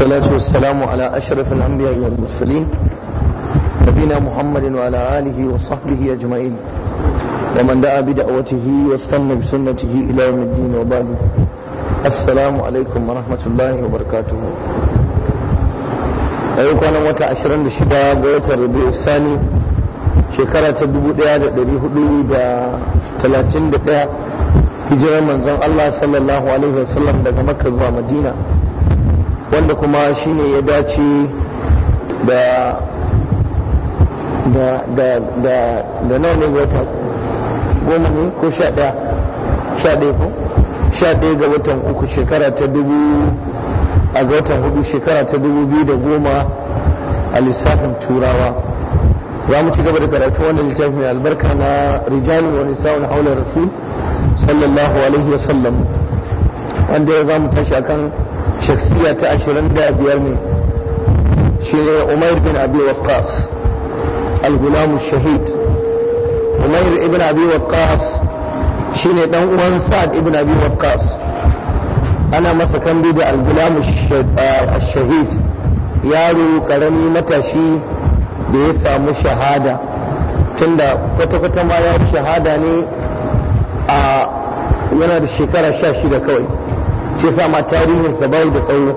والصلاة والسلام على أشرف الأنبياء والمرسلين نبينا محمد وعلى آله وصحبه أجمعين ومن دعا بدعوته واستنى بسنته إلى يوم الدين وبعد السلام عليكم ورحمة الله وبركاته أيوك أنا متى عشرين لشدة قوة الربيع الثاني شكرا تدبو ديا دريه دا تلاتين دقيقة hijirar manzon Allah sallallahu alaihi wasallam daga Makka zuwa Madina wanda kuma shine ya dace da da da da da nan ne wata goma ne ko sha ɗaya sha ɗaya ko sha ɗaya ga watan uku shekara ta dubu a ga watan hudu shekara ta dubu biyu da goma a lissafin turawa za mu ci gaba da karatu wannan littafi mai albarka na rijalin wani sa'un haula rasul sallallahu alaihi wasallam wanda ya za mu tashi akan shaksiya ta 25 ne shine Umair bin Abi Waqqas al-Gulam shahid Umair ibn Abi Waqqas shine dan uwan Sa'ad ibn Abi Waqqas ana masa kambi da al-Gulam shahid yaro karami matashi da ya samu shahada tunda kwata-kwata ma ya shahada ne a yana da shekara sha shida kawai shi sa ma tarihinsa bai da tsawo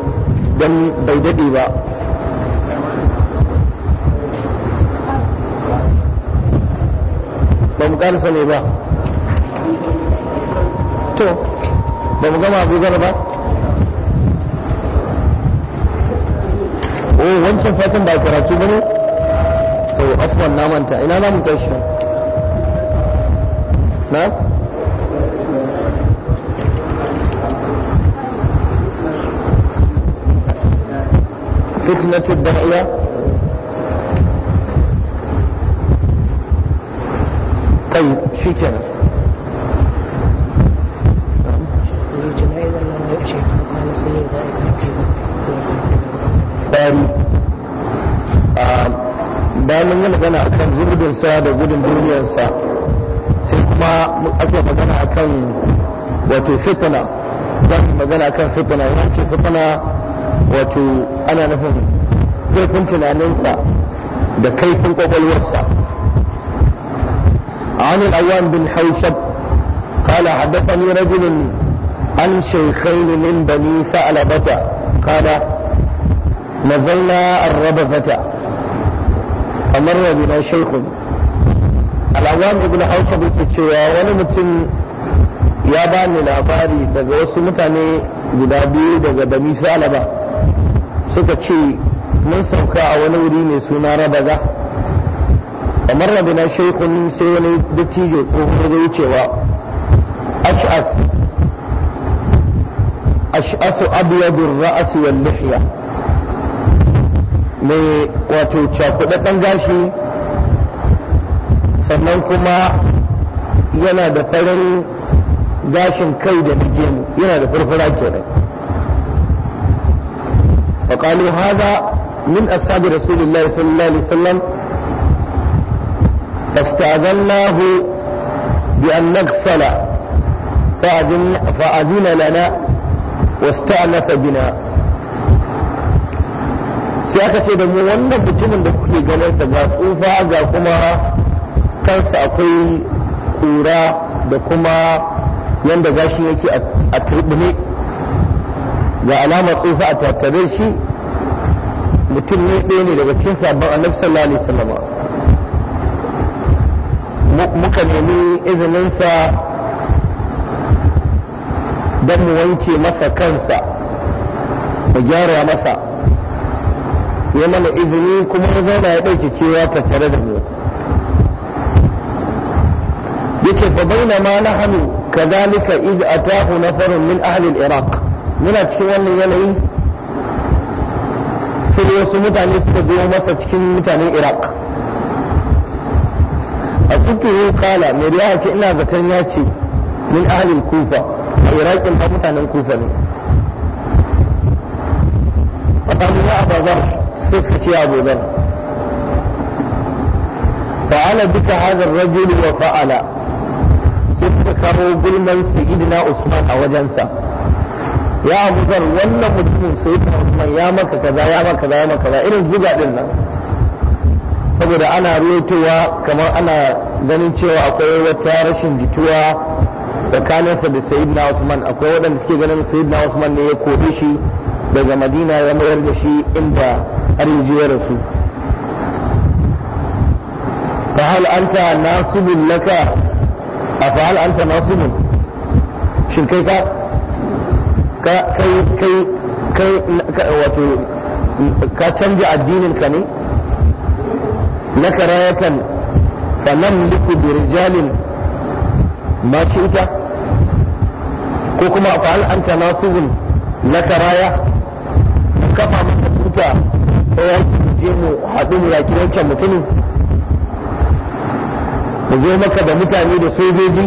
don bai daɗe ba ba mu karsa ne ba to ba mu gama abu zara ba oh wancan satin ba karatu ba ne to afwan na manta ina na shi tashi na فتنة الداعية طيب شكرا bayan mun yi magana a kan zurbinsa da gudun duniyarsa sai kuma ake magana a kan wato fitana za magana a kan fitana ya ce fitana wato ana nufin zai tunaninsa da kaifin kwakwalwarsa a wani ayyuan bin haushab kala haddasa ne rajinin an shekai ne min da ni sa’ala bata kada na raba zata kamar wani na shekun al’awon ibn hausa bukki cewa wani mutum ya bani ni labari daga wasu mutane guda biyu daga bani salaba suka ce mun sauka a wani wuri mai suna rabaga kamar na shaikun sai wani dattijo tsohon da wucewa ash'as ash'asu abyadur ra'asi wal lihya mai wato cakuɗaɗɗen gashi sannan kuma yana da farin gashin kai da bijemu yana da furfura kenan فقالوا هذا من أصحاب رسول الله صلى الله عليه وسلم فاستأذناه بأن نغسل فأذن, لنا واستأنف بنا sai aka ce da mu wannan mutumin da kuke ganin sa ga tsufa ga kuma kansa akwai kura da kuma yanda gashin yake a turbine ga alamar tsufa a tattare shi mutum ne ɗaya ne daga cikin sabon annabi sallallahu alaihi wasallam muka nemi izininsa don mu wanke masa kansa mu gyara masa ya mana izini kuma ya zauna ya ɗauke cewa tattare da mu yace fa bainama nahnu kazalika id atahu nafarun min ahli al-iraq muna cikin wannan yanayi sai wasu mutane suka zo masa cikin mutanen iraq a sukuhu kala mai riwaya ce ina zaton ya ce min ahalin kufa a iraqin ba mutanen kufa ne a kamun ya abazar sai suka ce abozar fa'ala duka hazar rajul wa fa'ala sai suka kawo gulman sayyidina usman a wajensa ya abu zar wannan mutumin sai ta usman ya maka kaza ya maka kaza ya maka kaza irin ziga din nan saboda ana rotowa kamar ana ganin cewa akwai wata rashin jituwa tsakaninsa da sayyidina usman akwai waɗanda suke ganin sayyidina usman ne ya kore shi daga madina ya mayar da shi inda har ya rasu فهل hal ka kai kai kai wato ka canja addinin ka ne na karayatan fanan liku bi rijalin mashi ita ko kuma fa'al anta nasibun na karaya kafa mata tuta ko yaki je mu haɗu mu yaki wancan mutumin mu zo maka da mutane da sojoji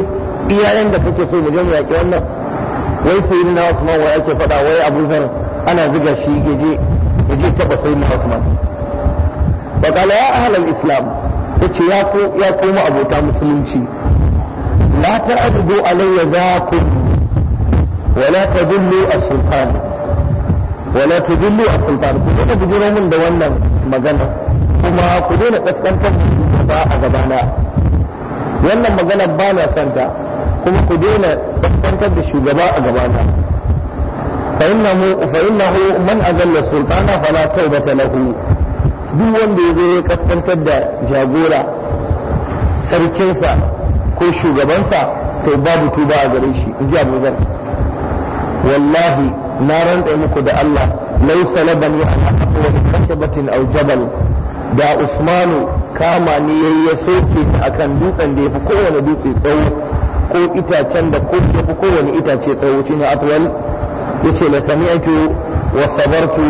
iyayen da kake so mu je mu yaki wannan wai sai na Usman wai ake faɗa wai Abu Zar ana ziga shi yaje yaje taba sai na Usman fa qala ya islam yace ya ko ya koma abota musulunci la ta'dudu alayya zakum wa la tadullu as-sultan wa la tadullu as-sultan ku da mun da wannan magana kuma ku daina kaskantar ba a gabana wannan magana ba na santa kuma ku daina kaskantar da shugaba a gabana فإنه فإنه man azalla sultana fala tawbata lahu duk wanda ya zo ya kaskantar da jagora sarkinsa ko shugabansa to babu tuba a gare shi in abu zan. wallahi na rantsa muku da Allah lau salaban a ala wani kashabatin jabal da usmanu kama ni yayi ya soke akan dutsen da yafi kowane dutse tsawo ko itacen da ko da kowane itace tsawo shine atwal yace la sami'tu wa sabartu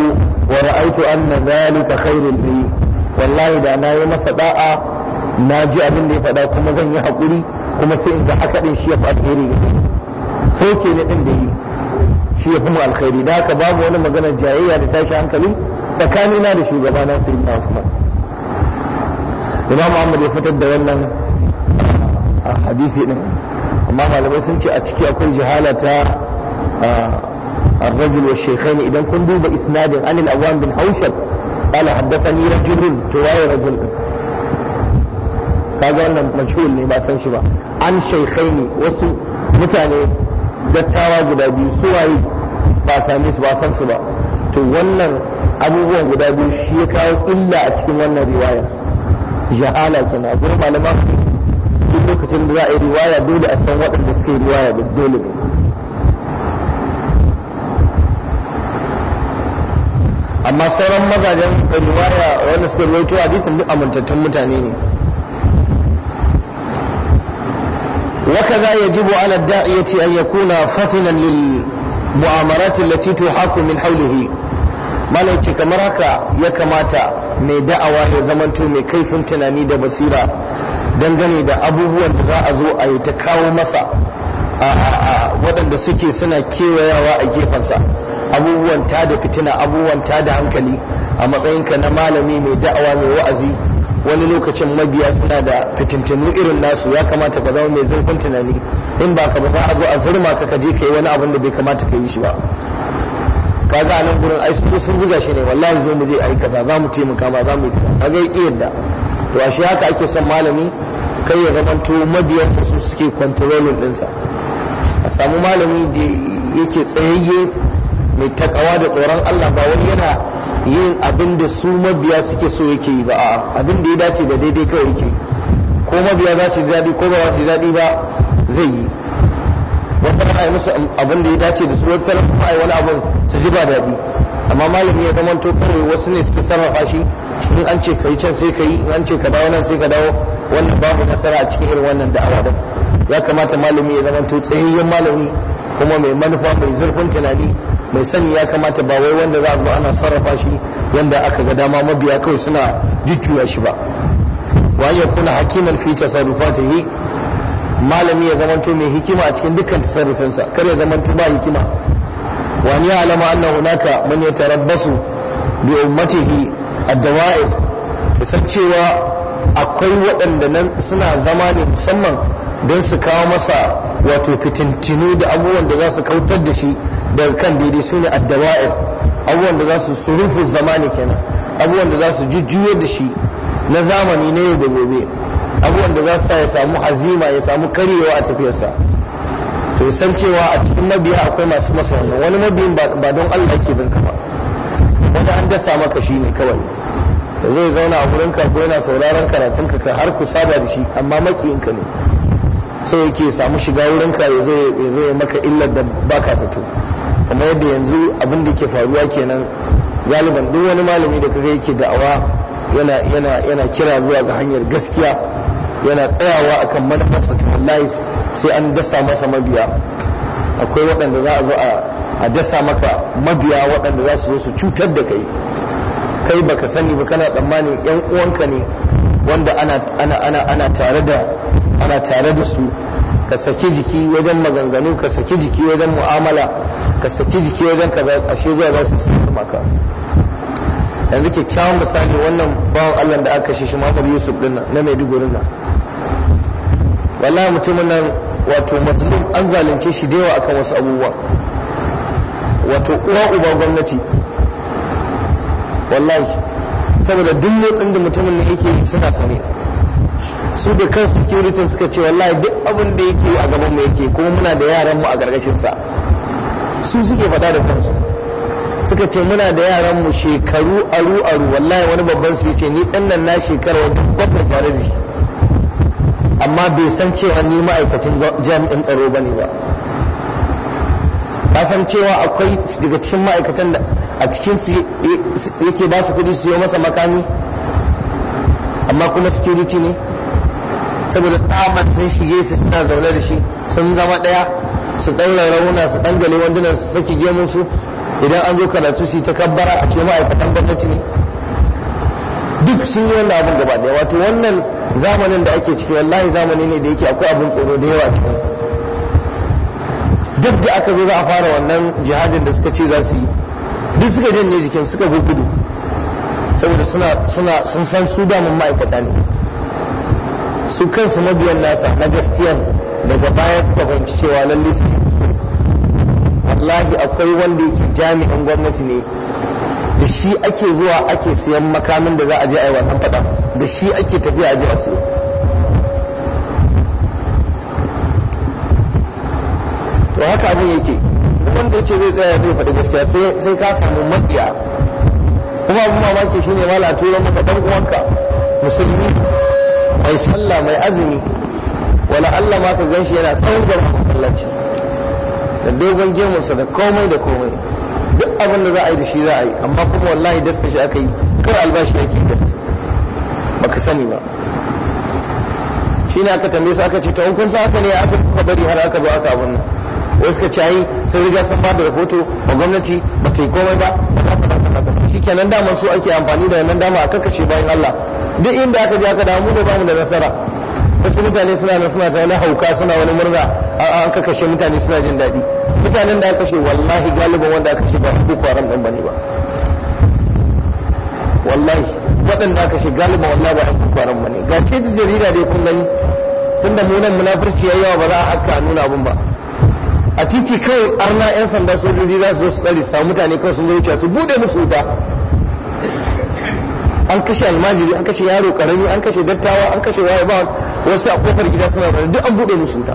wa ra'aytu anna dhalika khairun li wallahi da na yi masa da'a na ji abin da ya faɗa kuma zan yi haƙuri kuma sai in ga haka shi ya fi alheri sai ke ne din da yi shi ya fi mu alkhairi da haka babu wani magana jayayya da tashi hankali tsakanina da shugabana sayyidina Usman Imam ya fitar da wannan a hadisi din amma malamai sun ce a ciki akwai jihala ta الرجل والشيخين إذا كن دوب إسناد عن الأوان bin حوشب قال حدثني rajul. تواي رجل kaga wannan majhul ne ba san shi ba an shaikhai wasu mutane dattawa guda biyu su waye ba same su ba san su ba to wannan abubuwan guda biyu shi ya kawo illa a cikin wannan riwaya jahala kenan gurin malaman lokacin da za a yi riwaya dole a san waɗanda suke riwaya da dole ne amma sauran mazajen riwaya wanda suka rawaito hadisin duk amintattun mutane ne وكذا يجب على الداعية أن يكون فطنا للمؤامرات التي تحاك من حوله ما ليتي كمرهكا يكماتا مي دعوة زمنتو مي كيف تناني دا بصيرة dangane da abubuwan da za a zo a yi ta kawo masa a waɗanda suke suna kewayawa a gefensa abubuwan ta da fitina abubuwan ta da hankali a matsayinka na malami mai da'awa mai wa'azi wani lokacin mabiya suna da fitintinu irin nasu ya kamata ka zama mai zurfin tunani in ba ka ba a zo a zurma ka kaje ka yi wani abin da bai kamata ka yi shi ba kaga a nan gurin ai sun zuga shi ne wallahi zo mu je a yi kaza za mu taimaka ma za mu yi kaza kaga ya ƙi yadda to a shi haka ake son malami kai ya zamanto mabiyansa su suke kwantarolin dinsa a samu malami da yake tsayayye mai takawa da tsoron Allah ba wani yana yin abin da su mabiya suke so yake yi ba a abin da ya dace da daidai kawai yake ko mabiya za su daɗi ko ba su daɗi ba zai yi wata rana musu abin da ya dace da su wata rana kuma wani abin su ji ba daɗi amma malami ya zama to kawai wasu ne suke sarrafa shi in an ce kai can sai kai in an ce ka dawo nan sai ka dawo wannan babu nasara a cikin irin wannan da'awa din ya kamata malami ya zama to tsayayyen malami kuma mai manufa mai zurfin tunani mai sani ya kamata ba wai wanda za a zo ana sarrafa shi yanda aka ga dama mabiya kawai suna jujjuya shi ba wa ya kuna hakiman fi tasarrufatihi malami ya zamanto mai hikima a cikin dukkan tasarrufinsa kar ya to ba hikima alama وأن يعلم أن هناك من يتربص بأمته الدوائر cewa akwai waɗanda nan suna zama ne musamman don su kawo masa wato fitintinu da abubuwan da za su kautar da shi daga kan daidai su ne addawa'ir abubuwan da za su surufu zamani kenan abubuwan da za su jujjuyo da shi na zamani na yau da gobe abubuwan da za su sa ya samu hazima ya samu karyewa a tafiyarsa to san cewa a cikin mabiya akwai masu masa wani mabiyin ba don Allah yake bin ka ba wani an dasa maka shi ne kawai da zai zauna a wurin ka ko yana sauraron karatun ka har ku saba da shi amma makiyin ka ne so yake samu shiga wurin ka ya zo ya maka illar da baka ta to kuma yadda yanzu abin da ke faruwa kenan galiban duk wani malami da kaga yake da'awa yana yana yana kira zuwa ga hanyar gaskiya yana tsayawa akan manufarsa to wallahi sai an dasa masa mabiya akwai waɗanda za a zo a dasa maka mabiya waɗanda za su zo su cutar da kai kai baka sani ba kana tsammani yan uwanka ne wanda ana tare da su ka saki jiki wajen maganganu ka saki jiki wajen mu'amala ka saki jiki wajen kaza ashe zuwa za su saki maka yanzu kyakkyawan misali wannan bawan Allah da aka shi shi mafar Yusuf din na Maiduguri na wallahi mutumin nan wato mazlum an zalunce shi da yawa akan wasu abubuwa wato uwa uba gwamnati wallahi saboda duk motsin da mutumin ne yake yi suna sane su da kan security suka ce wallahi duk abin da yake a gaban mu yake kuma muna da yaran mu a gargashin sa su suke fada da kansu suka ce muna da yaran mu shekaru aru aru wallahi wani babban su yake ni dan nan na shekara wani babban tare da shi amma bai san cewa ni ma'aikacin jami'in tsaro ne ba ba san cewa akwai daga cikin ma'aikatan da a cikin su yake ba su kudi su yi masa makami amma kuma security ne saboda tsamar sun shige su suna zaune da shi sun zama daya su ɗaura rauna su ɗangale wandunan su saki gemun su idan an zo karatu su ta kabbara a ce ma'aikatan gwamnati ne duk sun yi wanda abin gaba daya wato wannan zamanin da ake ciki wallahi zamani ne da yake akwai abin tsoro da yawa a cikinsa duk da aka zo za a fara wannan jihadin da suka ce za su yi duk suka janye jikin suka gudu saboda suna sun san su damun ma'aikata ne su kansu mabiyan nasa na gaskiya daga baya suka fahimci cewa lalle su wallahi akwai wanda yake jami'in gwamnati ne da shi ake zuwa ake siyan makamin da za a je a yi wannan fada da shi ake tafiya a je to haka abin yake wanda yace zai tsaya zai faɗi gaskiya sai ka samu maƙiya kuma abin mamaki shine la turan maka dan uwanka musulmi mai sallah mai azumi wala Allah ma ka ganshi yana tsawon gaba masallaci da dogon gemunsa da komai da komai abin da za a yi da shi za a yi amma kuma wallahi daska shi aka yi kawai albashi yake da baka sani ba shi ne aka tambaye su aka ce ta hukun sa haka ne aka kuka bari har aka zo aka abin nan wai suka ce ayi sun riga sun ba da rahoto ba gwamnati ba ta yi komai ba ba za ta ba ta shi kenan daman su ake amfani da wannan dama a kakashe bayan Allah duk inda aka je aka damu da bamu da nasara wasu mutane suna nan suna ta na hauka suna wani murna an kakashe mutane suna jin daɗi mutanen da aka ce wallahi galibin wanda aka ce ba duk haram ɗan bane ba wallahi waɗanda aka ce galibin wallahi ba duk haram bane ga ce ta jarida dai kun gani tun da munan munafurci yayi yawa ba za a haska a nuna abin ba a titi kai arna yan sanda sojoji za su zo su tsare sa mutane kawai sun zo wuce su bude musu wuta an kashe almajiri an kashe yaro karami an kashe dattawa an kashe waye ba wasu a kofar gida suna bare duk an bude musu wuta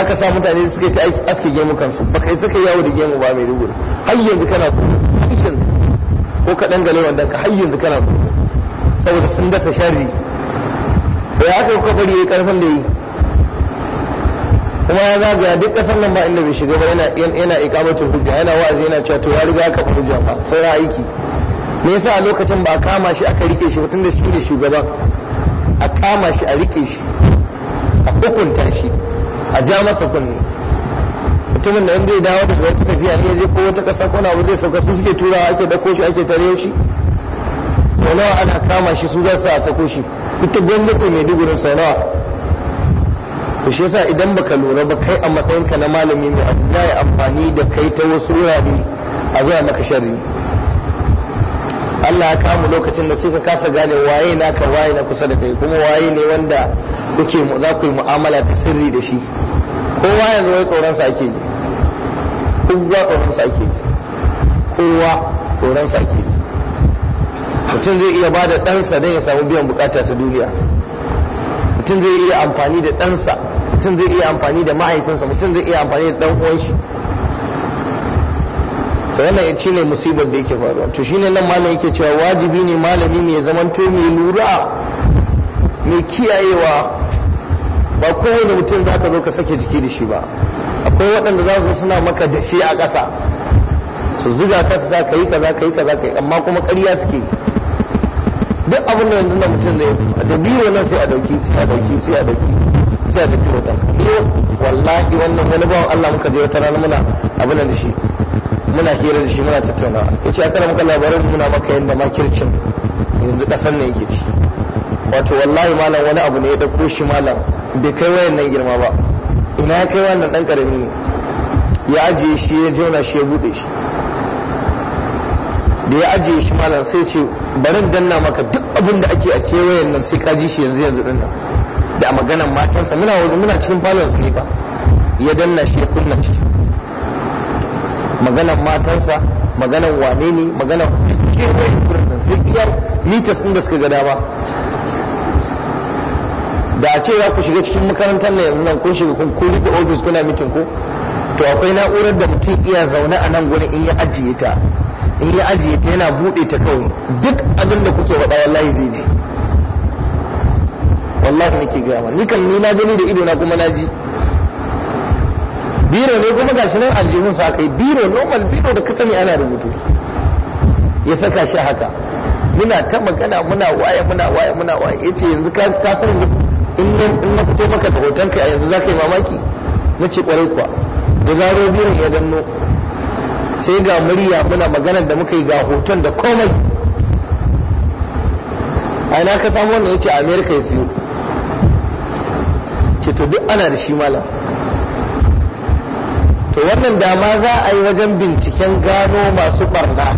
aka sa mutane suka ta aske gemu kansu baka isa ka yawo da gemu ba mai rigura har yanzu kana tsoro ko ka gale wanda ka har yanzu kana tsoro saboda sun dasa sharri da ya aka kuka bari yayi karfin da yi kuma ya zagaya duk kasan nan ba inda bai shiga ba yana yana ikamatul hujja yana wa'azi yana cewa to ya riga aka fi hujja ba sai aiki me yasa a lokacin ba a kama shi aka rike shi mutum da shi ne shugaban a kama shi a rike shi a hukunta shi a ja masa kunne mutumin da inda ya dawo daga wata tafiya ne je ko wata ƙasa ko na zai sauka su suke turawa ake dako shi ake tare shi sau nawa ana kama shi su za a sako shi ita gwamnati mai dugurin sau nawa to shi yasa idan baka lura ba kai a matsayinka na malami mai ajiya ya amfani da kai ta wasu wurare a zuwa maka sharri Allah ya kamu lokacin da suka kasa gane waye na ka waye na kusa da kai kuma waye ne wanda kuke za ku yi mu'amala ta sirri da shi kowa yanzu wai tsoron sa ake ji kowa tsoron sa ake ji kowa tsoron sa ake ji mutum zai iya ba da ɗansa don ya samu biyan bukata ta duniya mutum zai iya amfani da ɗansa mutum zai iya amfani da mahaifinsa mutum zai iya amfani da ɗan uwan shi to wannan shi ne musibar da yake faruwa to shine nan malam yake cewa wajibi ne malami mai zaman to mai lura mai kiyayewa ba kowane mutum da aka zo ka sake jiki da shi ba akwai waɗanda za su suna maka da shi a ƙasa su zuga ƙasa su za ka yi ka za ka yi ka za ka yi amma kuma ƙarya suke duk abin da yanzu na mutum da da biyu nan sai a dauki sai a dauki sai a dauki sai a dauki wata wallahi wannan wani bawan Allah muka je wata rana muna abin da shi muna hira da shi muna tattauna Ya yace aka muka labarin muna maka yanda makircin yanzu ƙasar ne yake ci wato wallahi malam wani abu ne ya dauko shi malam bai kai wayan nan girma ba ina ya kai wannan dan karami ne ya ajiye shi ya jona shi ya bude shi da ya ajiye shi malam sai ce barin danna maka duk abin da ake a kewayen nan sai ka ji shi yanzu yanzu dinnan da maganan matansa muna muna cikin palace ne ba ya danna shi ya kunna shi maganan matansa maganan wane ne maganan kewayen gurin nan sai iya mita sun da suka ga dama da a ce za ku shiga cikin makarantar na yanzu nan kun shiga kun kuli ku ofis kuna mitin ku to akwai na'urar da mutum iya zaune a nan gurin in ya ajiye ta in ya ajiye ta yana buɗe ta kawai duk abin da kuke faɗa wallahi zai ji wallahi nake gaya ma ni kan ni na gani da ido na kuma na ji biro ne kuma gashi nan aljihun sa kai biro normal biro da kasani ana rubutu ya saka shi haka muna ta magana muna waye muna waye muna waye yace yanzu ka san duk in na fito maka da hoton kai a yanzu za ka yi mamaki na ce kwarai kuwa da zaro ya danno sai ga murya muna maganar da muka yi ga hoton da komai a ina ka samu wannan ya amerika ya siyo ce to duk ana da shi malam to wannan dama za a yi wajen binciken gano masu barna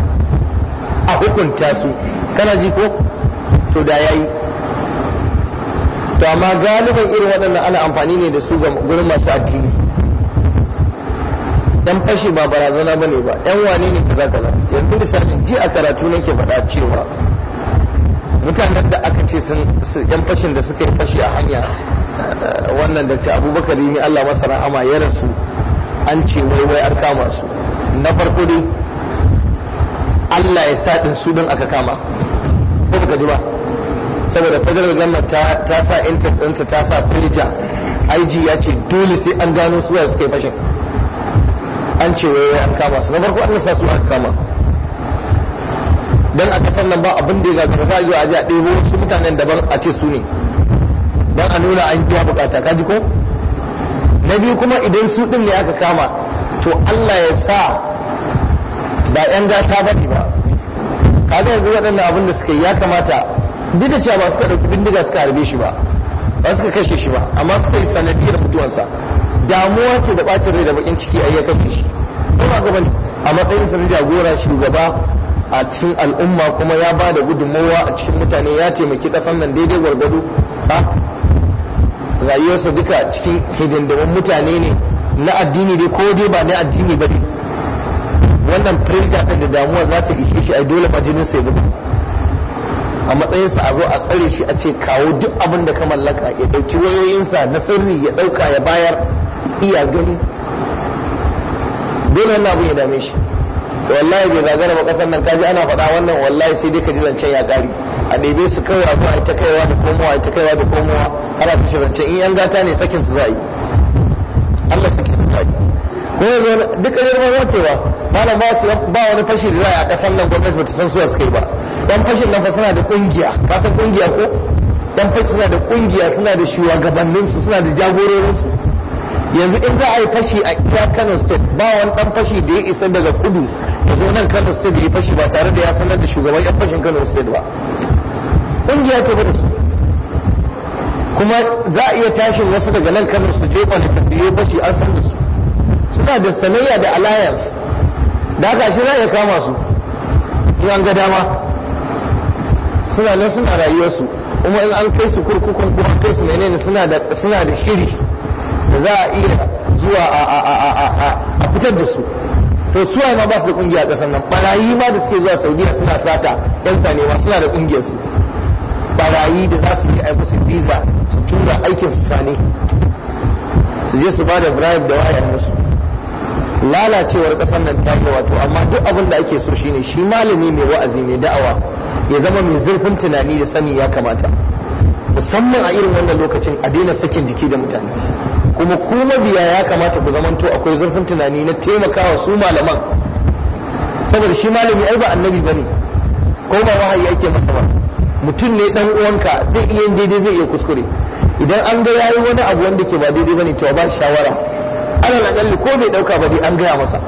a hukunta su kana ji ko to da yayi to amma galiban irin waɗannan ana amfani ne da su ga gurin masu addini dan fashi ba barazana bane ba yan wane ne kaza kaza yanzu misali ji a karatu nake faɗa cewa mutanen da aka ce sun yan fashin da suka yi fashi a hanya eh, wannan da ta, abubakar ne Allah masa rahama ya rasu an ce wai wai an kama su na farko dai Allah ya sa su don aka kama ko ka ji ba saboda federal government ta sa interest ɗinsa ta sa firja IG ya ce dole sai an gano suwa suka yi fashin an ce wai an kama su na farko an sa su an kama don a kasar nan ba abin da ya gagara za a yi a ɗebo wasu mutanen daban a ce su ne don a nuna an biya bukata ka ji ko na biyu kuma idan su ɗin ne aka kama to Allah ya sa ba 'yan gata ba ne ba kaga yanzu waɗannan abin da suka yi ya kamata duk da cewa ba suka ɗauki bindiga suka harbe shi ba ba suka kashe shi ba amma suka yi sanadiyar mutuwansa damuwa ce da bacin rai da bakin ciki a iya kafin shi kuma gaban a matsayin sanin jagora shugaba a cikin al'umma kuma ya ba da gudunmawa a cikin mutane ya taimaki kasan nan daidai gwargwado rayuwarsa duka cikin hidindimin mutane ne na addini dai ko dai ba na addini ba wannan pressure da damuwa za ta ishe shi a dole majinin jinin sai mutu a matsayinsa a zo a tsare shi a ce kawo duk abin da ka mallaka ya ɗauki wayoyinsa na sirri ya dauka ya bayar iya gani dole wannan abin ya dame shi wallahi bai gagara ba kasan nan kaji ana faɗa wannan wallahi sai dai ka ji zancen ya ƙari a ɗebe su kawai abu a ta kaiwa da komowa a ta kaiwa da komowa ana kashe zancen in yan gata ne sakin su za ko yanzu duk ƙaryar ba wacewa malam ba su ba wani fashi da za a ƙasar nan gwamnati ba ta san suwa suka yi ba dan fashin nan fa suna da ƙungiya ka san ƙungiya ko dan fashi suna da ƙungiya suna da shugabanninsu suna da jagororinsu yanzu in za a yi fashi a iya kano state ba wani dan fashi da ya isa daga kudu ya zo nan kano state da ya fashi ba tare da ya sanar da shugaban yan fashin kano state ba ƙungiya ce ba da su kuma za a iya tashin wasu daga nan kano su je kwanta ta su fashi an san da su suna da sanayya da alliance da aka shi ya kama su in ga dama suna nan suna rayuwarsu kuma in an kai su kurkukun kuma kai su menene suna da shiri da za a iya zuwa a fitar da su to suwa ma ba su da kungiya kasar nan barayi ma da suke zuwa saudiya suna sata yan sane ma suna da kungiyar su barayi da za su yi aiki su visa su tura aikin su sane su je su ba da bribe da wayar musu lalacewar kasar nan ta wato amma duk abin da ake so shine shi malami mai wa'azi mai da'awa ya zama mai zurfin tunani da sani ya kamata musamman a irin wannan lokacin a daina sakin jiki da mutane kuma ku mabiya ya kamata ku zamanto akwai zurfin tunani na taimakawa su malaman saboda shi malami ai ba annabi bane ko ba wahayi ake masa ba mutum ne dan uwanka zai iya daidai zai iya kuskure idan an ga yayi wani abu wanda ke ba daidai bane to ba shawara alal akalli ko bai dauka ba dai an gaya masa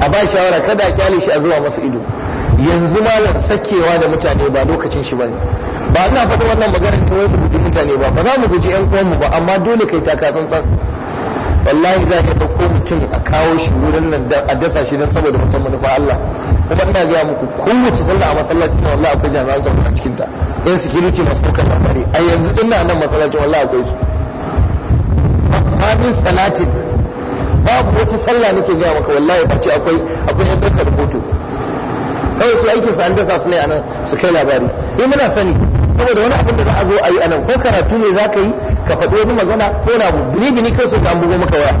a ba shawara kada a kyale shi a zuwa masa ido yanzu malam sakewa da mutane ba lokacin shi bane ba ina faɗi wannan magana ta wani guji mutane ba ba za mu guji yan uwanmu ba amma dole kai taka tsantsan wallahi za ka dauko mutum a kawo shi wurin nan a dasa shi dan saboda mutum manufa Allah kuma ina ga muku kowace sallah a masallaci na wallahi akwai jami'an tsaro a cikin ta yan security masu daukar labari a yanzu ina nan masallacin wallahi akwai su babin salatin babu wata sallah nake gaya maka wallahi bace akwai akwai yan daga rubutu kawai su aikinsu an dasa su ne anan su kai labari Ni eh, muna sani saboda wani abin da za a zo a yi anan ko karatu ne za ka yi ka faɗi wani magana ko na abu bini bini kai su ka an bugo maka waya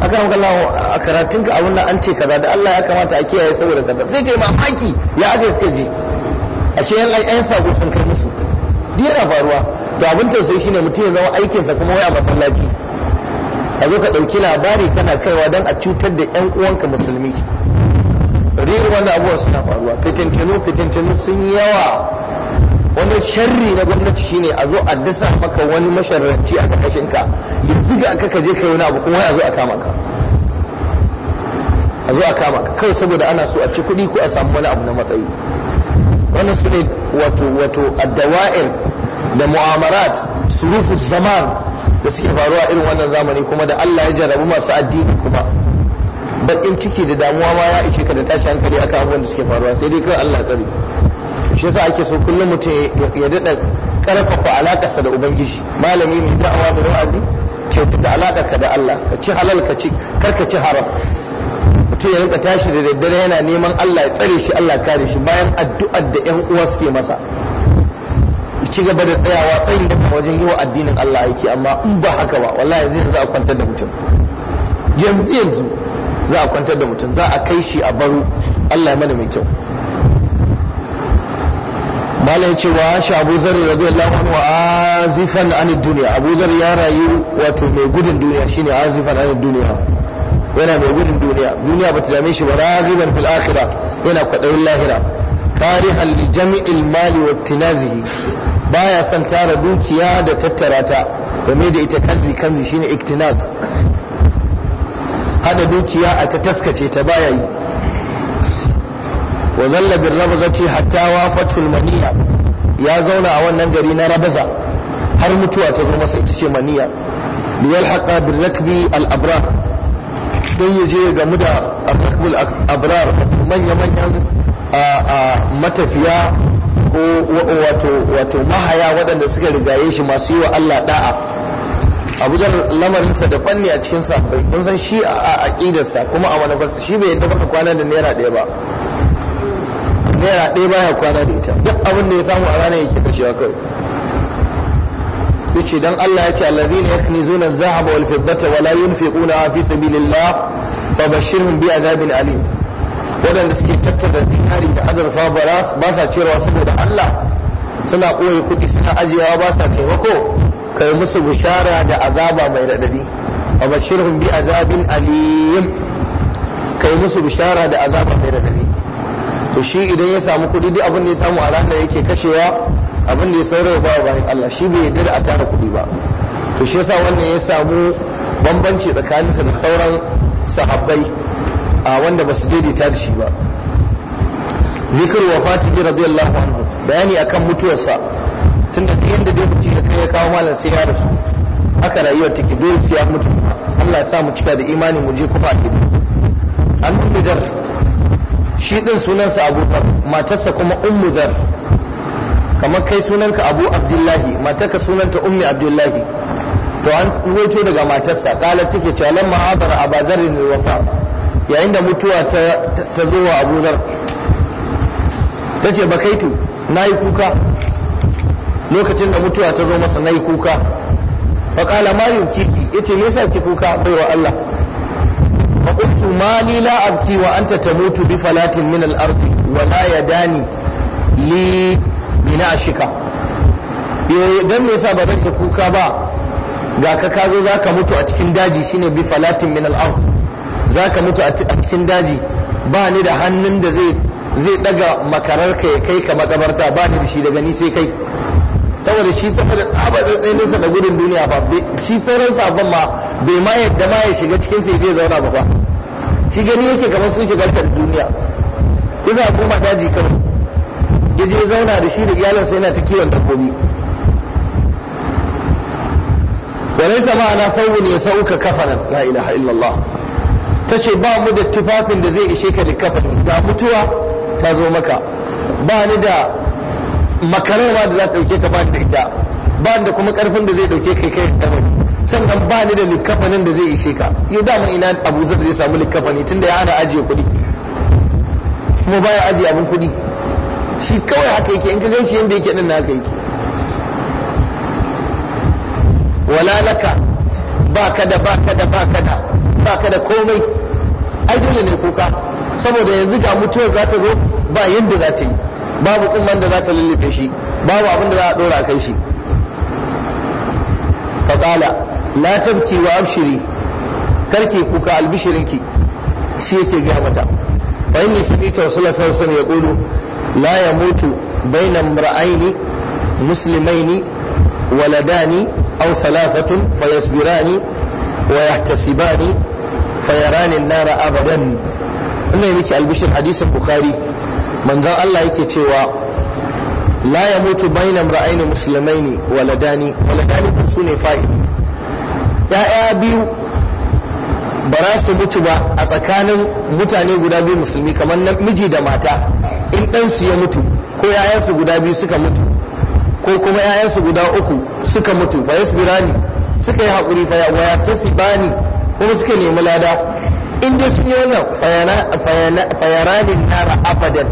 a kan a karatun ka abin an ce kaza da Allah ya kamata a kiyaye saboda kaza sai kai mamaki ya aka suka ji ashe yan yan sako sun kai musu duk yana faruwa to abin tausayi shine mutum ya zama aikinsa kuma waya masallaci ka zo ka ɗauki labari kana kaiwa don a cutar da 'yan uwanka musulmi rir wanda abubuwa suna faruwa fitintinu fitintinu sun yi yawa wani sharri na gwamnati shine a zo a dasa maka wani masharranci a kakashinka ya ziga aka kaje ka yi wani abu kuma a zo a kama ka a zo a kama ka kawai saboda ana so a ci kuɗi ko a samu wani abu na matsayi wannan su ne wato wato addawa'ir da mu'amarat surufu zaman da suke faruwa irin wannan zamani kuma da Allah ya jarrabu masu addini kuma baƙin ciki da damuwa ma ya ishe ka da tashi hankali akan abubuwan da suke faruwa sai dai kawai Allah tsare shi yasa ake so kullum mutum ya daɗa karfafa alakarsa da ubangiji malami mai da'awa mai wa'azi kyautata ka da Allah ka ci halal ka ci kar ka ci haram mutum ya rinka tashi da daddare yana neman Allah ya tsare shi Allah kare shi bayan addu'ar da 'yan uwa suke masa ci gaba da tsayawa tsayin da wajen yi wa addinin Allah aiki amma in ba haka ba wallahi yanzu za a kwantar da mutum yanzu yanzu za a kwantar da mutum za a kai shi a baro Allah ya mana mai kyau malam ya ce wa shi abu zari radiyallahu anhu azifan anid duniya abu zari ya rayu wato mai gudun duniya shine azifan anid duniya yana mai gudun duniya duniya bata dame shi ba raghiban fil akhirah yana kwadayin lahira tarihan li jami'il mali wa tinazihi baya son tara dukiya da tattara ta game da ita kanzi kanzi shine iktinaz hada dukiya a ta taskace ta baya yi wa zalla bil rabzati hatta wafatul maniya ya zauna a wannan gari na rabaza har mutuwa ta zo masa ita ce maniya liyal haqa bil rakbi al abra don ya je gamu da abrar manya manyan matafiya wato mahaya waɗanda suka rigaye shi masu yi wa Allah da'a abu jan lamarinsa da fanni a cikin bai kun san shi a aƙidarsa kuma a manufarsa shi bai yadda baka kwana da naira ɗaya ba naira ɗaya baya kwana da ita duk abin da ya samu a ranar yake kashewa kai yace dan Allah yace alladhina yaknizuna adh-dhahaba wal fiddata wa la yunfiquna fi sabilillah fabashshirhum bi azabin alim waɗanda suke tattara zinari da azurfa ba sa cewa saboda Allah suna ɓoye kuɗi suna ajiyawa ba sa taimako kai musu bishara da azaba mai raɗaɗi a bashirhum bi azabin aliyim kai musu bishara da azaba mai raɗaɗi to shi idan ya samu kuɗi duk abin da ya samu a ranar yake kashewa abin da ya saurara ba bayan Allah shi bai yarda da a tara kuɗi ba to shi yasa wannan ya samu bambanci tsakaninsa da sauran sahabbai a wanda ba su daidaita da shi ba zikir wafati radiyallahu anhu bayani akan mutuwarsa tunda da yanda dai mutum ya kai ya kawo malam sai ya rasu haka rayuwar take dole sai ya mutu Allah ya sa mu cika da imani mu je kuma akidi an dar. shi din sunansa abubakar matarsa kuma ummu dar. kamar kai sunanka abu abdullahi matarka sunanta ummi abdullahi to an ruwaito daga matarsa kala take cewa lamma hadara abazarin wafa yayin da mutuwa ta zo wa abuzar ta ce ba kaitu na yi kuka lokacin da mutuwa ta zo masa na yi kuka Ba kala ma kiki ya ce me yasa ki kuka bai wa Allah kuntu ma li la abki wa anta mutu bi falatin min al-ard wa la yadani li min ashika dan me yasa ba zan kuka ba ga ka kazo za zaka mutu a cikin daji shine bi falatin min al za ka mutu a cikin daji ba ni da hannun da zai daga makarar ka ya kai ka makabarta ba ni da shi daga ni sai kai saboda shi saboda abadin tsayinsa da gudun duniya ba shi sauran sabon ma bai ma yadda ma ya shiga cikin sai zai zauna ba ba shi gani yake kamar sun shiga ta duniya yasa koma daji kawai ya je zauna da shi da iyalinsa yana ta kiwon dabbobi وليس ma'ana ثوب ya sauka لا اله الا الله ta ce ba mu da tufafin da zai ishe ka da kafani ga mutuwa ta zo maka ba ni da makararwa da za ta dauke ka ba da ita ba da kuma karfin da zai dauke kai kai kafani sannan ba ni da likafanin da zai ishe ka yau dama ina abu zai samu likafani tunda ya ana ajiye kuɗi kuma baya ajiye abin kuɗi shi kawai haka yake in ka gan shi yadda yake nan na haka yake wala laka ba da ba ka da ba ka da ba ka da komai ai dole ne kuka saboda yanzu ga mutuwar za ta zo ba yadda za ta yi babu kuma da za ta lullufe shi babu abin da za a dora kai shi faƙala la tabki wa abshiri karki kuka albishirinki shi yake ga mata wa inni sami'tu rasulullahi sallallahu alaihi wasallam yaqulu la yamutu baina imra'aini muslimaini waladani aw thalathatun fayasbirani wa yahtasibani fayarani nara abadan wannan miki albishir hadisin bukhari manzon Allah yake cewa la ya mutu bainan ra'ayin musulmaini waladani waladani su ne Ya ya'ya biyu ba za su mutu ba a tsakanin mutane guda biyu musulmi kamar miji da mata in ɗansu ya mutu ko ‘ya'yansu guda biyu suka mutu ko kuma ‘ya'yansu guda uku suka mutu fa yasbirani suka yi haƙuri fa ya bani? kuma suka nemi lada in dai sun yi wannan fayaranin nara abadan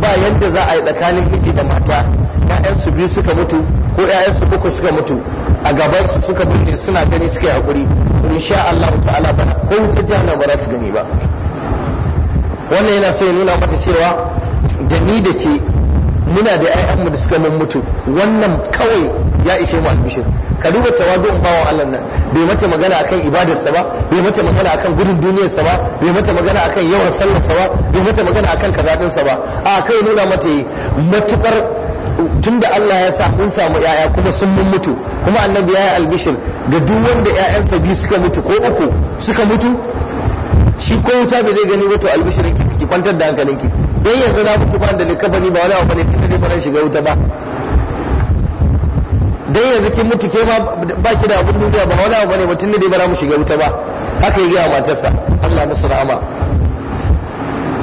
ba yadda za a yi tsakanin miji da mata ya'yansu su biyu suka mutu ko ya'yansu su uku suka mutu a gaban su suka bude suna gani suka yi hakuri insha Allah ta'ala ba ko wuta jana ba za su gani ba wannan yana so ya nuna mata cewa da ni da ke muna da yayan mu da suka mun mutu wannan kawai ya ishe mu albishir ka duba tawadun bawan Allah nan bai mata magana akan ibadarsa ba bai mata magana akan gudun duniyar sa ba bai mata magana akan yawan sallarsa ba bai mata magana akan sa ba a kai nuna mata yi matukar tunda Allah ya sa kun samu yaya kuma sun mun mutu kuma annabi ya yi albishir ga duk wanda yayansa biyu suka mutu ko uku suka mutu shi ko wuta bai zai gani wato albishirin ki kwantar da hankalinki dan yanzu na mutu ba da likabani ba wani abu ne tunda dai ba shiga wuta ba dai yanzu kin mutu ke ma ba ki da abin duniya ba wani abu bane mutum da dai ba za mu shiga wuta ba haka ya gaya matarsa Allah musu rahama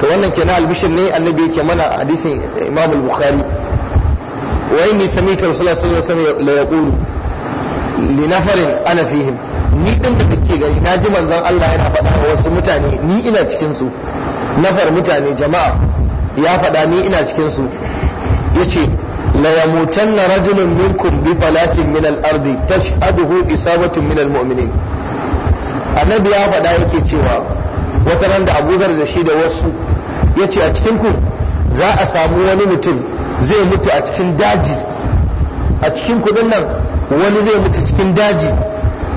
to wannan kenan albishir ne annabi yake mana hadisin Imam al-Bukhari wa inni sami'tu rasulullahi sallallahu alaihi wasallam la yaqulu li nafarin ana fihim ni din da kike gani na ji manzon Allah yana faɗa wa wasu mutane ni ina cikin su nafar mutane jama'a ya faɗa ni ina cikin su yace la yamutanna rajulun minkum bi falatin min al-ardi tashhaduhu isabatun min al-mu'minin annabi ya faɗa yake cewa wata ran da Abu Zar da shi da wasu yace a cikin ku za a samu wani mutum zai mutu a cikin daji a cikin kudin nan wani zai mutu cikin daji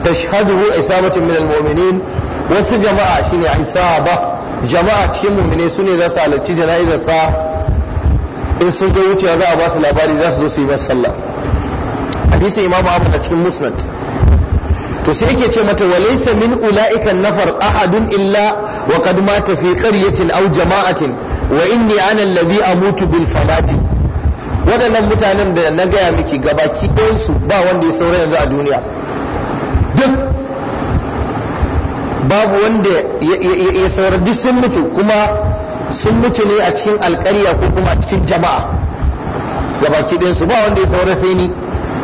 tashhaduhu isabatun min al-mu'minin wasu jama'a shine isaba jama'a cikin mu'mine ne za su halarci jana'izar sa in sun ga wuce za a ba su labari za su zo su yi masu sallah hadisin imamu ahmad a cikin musnad to sai yake ce mata walaysa min ulaika nafar ahadun illa wa qad mata fi qaryatin aw jama'atin wa inni ana alladhi amutu bil falati waɗannan mutanen da na gaya miki gabaki ɗayansu ba wanda ya saura yanzu a duniya duk babu wanda ya saura duk sun mutu kuma sun mutu ne a cikin alƙarya ko kuma a cikin jama'a gabaci ɗin su ba wanda ya saura sai ni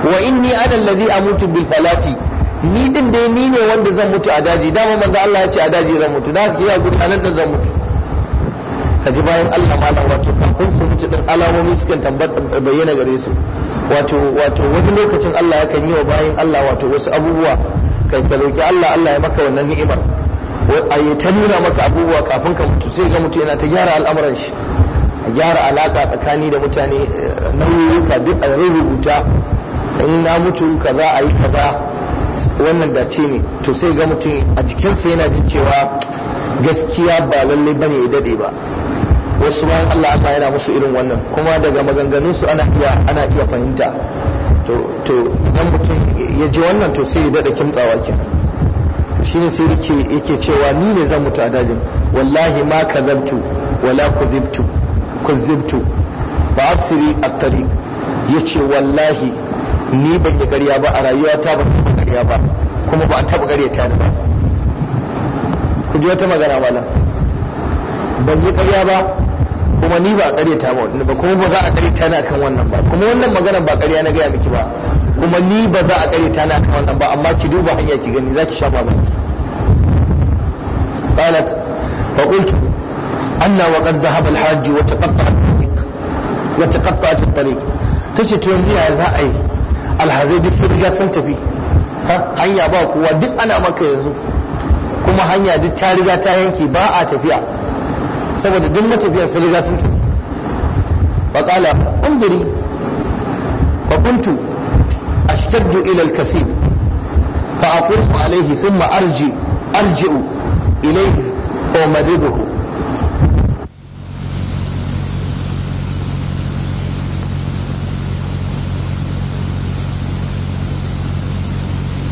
wa inni ana alladhi amutu bil falati ni din dai ni ne wanda zan mutu a daji dama manzo Allah ya ce a daji zan mutu da haka ya gudu da zan mutu Ka ji bayan Allah malam wato kafin su mutu din alamomi suke tabbata bayyana gare su wato wato wani lokacin Allah ya kan yi wa bayan Allah wato wasu abubuwa kai ka roki Allah Allah ya maka wannan ni'imar a yi ta nuna maka abubuwa kafin ka mutu sai ga mutu yana ta gyara al'amuran shi a gyara alaka tsakani da mutane na eh, nauyuka duk a rubuta in na mutu za a yi kaza wannan dace ne to sai ga mutum a jikinsa yana jin cewa gaskiya ba lallai bane ya dade ba wasu bayan Allah Allah yana musu irin wannan kuma daga maganganunsu ana iya ana iya fahimta to to idan mutum ya ji wannan to sai ya dada kimtsawa kenan shine sai yake yake cewa ni ne zan mutu a dajin wallahi ma kazabtu wala ku kuzibtu ba absiri at ya yace wallahi ni ban yi ƙarya ba a rayuwa ta ban taɓa ƙarya ba kuma ba a taɓa ƙarya ta ni ba ku ji wata magana malam ban yi ƙarya ba kuma ni ba a ƙarya ta ba kuma ba za a ƙarya ta ni akan wannan ba kuma wannan magana ba ƙarya na gaya miki ba kuma ni ba za a ƙare ta na kan wannan ba amma ki duba hanya ki gani za ki sha mamaki قالت فقلت أنا وقد ذهب الحاج وتقطع الطريق za a yi. تونزي يا زائي الحزي دي سرقة سنتفي hanya ba kowa duk ana maka yanzu kuma hanya duk ta riga ta yanke ba a tafiya saboda duk matafiya sun riga sun tafi faƙala ƙungiri faƙuntu أشتد إلى الكسيب فأقوم عليه ثم أرجع أرجع إليه ومرضه